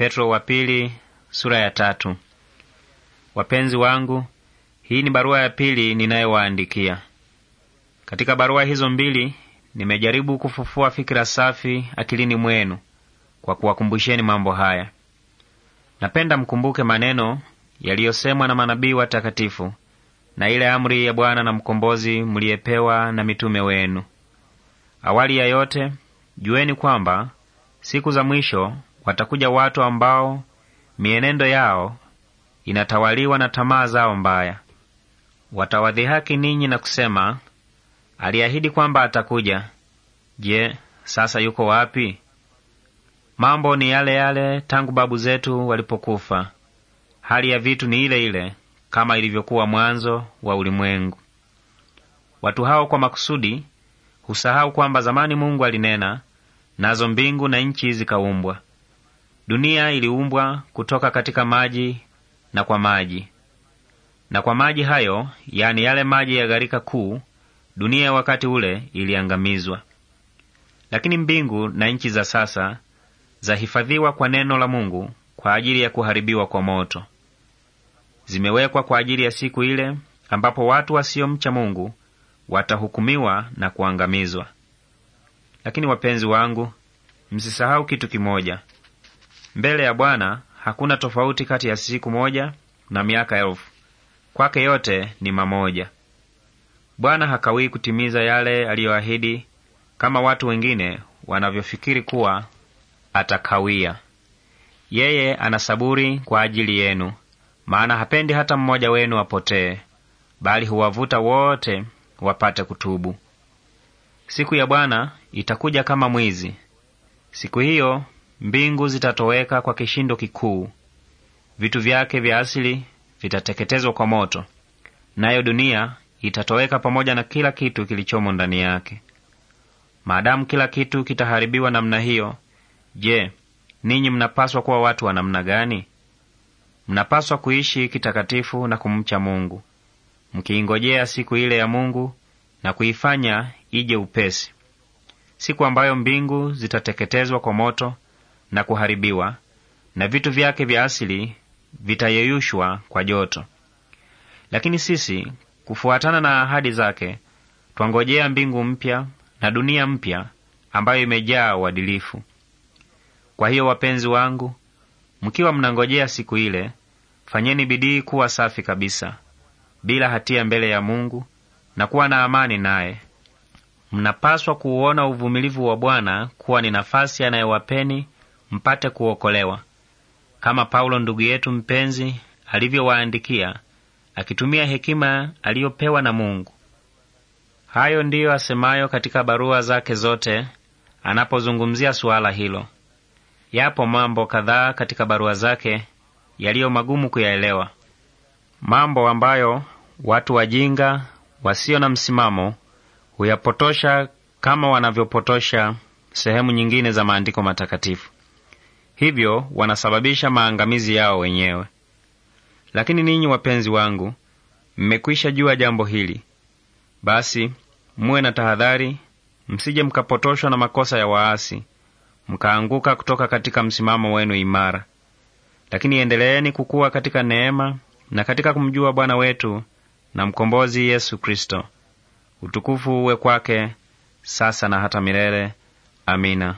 Petro wa pili, sura ya tatu. Wapenzi wangu, hii ni barua ya pili ninayowaandikia. Katika barua hizo mbili nimejaribu kufufua fikira safi akilini mwenu kwa kuwakumbusheni mambo haya. Napenda mkumbuke maneno yaliyosemwa na manabii watakatifu na ile amri ya Bwana na mkombozi mliyepewa na mitume wenu. Awali ya yote, jueni kwamba siku za mwisho watakuja watu ambao mienendo yao inatawaliwa na tamaa zao mbaya. Watawadhihaki ninyi na kusema, aliahidi kwamba atakuja. Je, sasa yuko wapi? Mambo ni yale yale tangu babu zetu walipokufa. Hali ya vitu ni ile ile kama ilivyokuwa mwanzo wa ulimwengu. Watu hao kwa makusudi husahau kwamba zamani Mungu alinena, nazo mbingu na nchi zikaumbwa. Dunia iliumbwa kutoka katika maji na kwa maji, na kwa maji hayo, yani yale maji ya gharika kuu, dunia ya wakati ule iliangamizwa. Lakini mbingu na nchi za sasa zahifadhiwa kwa neno la Mungu kwa ajili ya kuharibiwa kwa moto. Zimewekwa kwa ajili ya siku ile ambapo watu wasiomcha Mungu watahukumiwa na kuangamizwa. Lakini wapenzi wangu, msisahau kitu kimoja. Mbele ya Bwana hakuna tofauti kati ya siku moja na miaka elfu, kwake yote ni mamoja. Bwana hakawii kutimiza yale aliyoahidi, kama watu wengine wanavyofikiri kuwa atakawia. Yeye ana saburi kwa ajili yenu, maana hapendi hata mmoja wenu apotee, bali huwavuta wote wapate kutubu. Siku ya Bwana itakuja kama mwizi. Siku hiyo Mbingu zitatoweka kwa kishindo kikuu, vitu vyake vya asili vitateketezwa kwa moto, nayo dunia itatoweka pamoja na kila kitu kilichomo ndani yake. Maadamu kila kitu kitaharibiwa namna hiyo, je, ninyi mnapaswa kuwa watu wa namna gani? Mnapaswa kuishi kitakatifu na kumcha Mungu, mkiingojea siku ile ya Mungu na kuifanya ije upesi, siku ambayo mbingu zitateketezwa kwa moto na kuharibiwa, na vitu vyake vya asili vitayeyushwa kwa joto. Lakini sisi, kufuatana na ahadi zake, twangojea mbingu mpya na dunia mpya ambayo imejaa uadilifu. Kwa hiyo, wapenzi wangu, mkiwa mnangojea siku ile, fanyeni bidii kuwa safi kabisa, bila hatia mbele ya Mungu na kuwa na amani naye. Mnapaswa kuuona uvumilivu wa Bwana kuwa ni nafasi anayowapeni mpate kuokolewa, kama Paulo ndugu yetu mpenzi alivyowaandikia akitumia hekima aliyopewa na Mungu. Hayo ndiyo asemayo katika barua zake zote anapozungumzia suala hilo. Yapo mambo kadhaa katika barua zake yaliyo magumu kuyaelewa, mambo ambayo watu wajinga wasio na msimamo huyapotosha kama wanavyopotosha sehemu nyingine za maandiko matakatifu hivyo wanasababisha maangamizi yao wenyewe. Lakini ninyi wapenzi wangu, mmekwisha jua jambo hili, basi muwe na tahadhari, msije mkapotoshwa na makosa ya waasi, mkaanguka kutoka katika msimamo wenu imara. Lakini endeleeni kukua katika neema na katika kumjua Bwana wetu na mkombozi Yesu Kristo. Utukufu uwe kwake sasa na hata milele. Amina.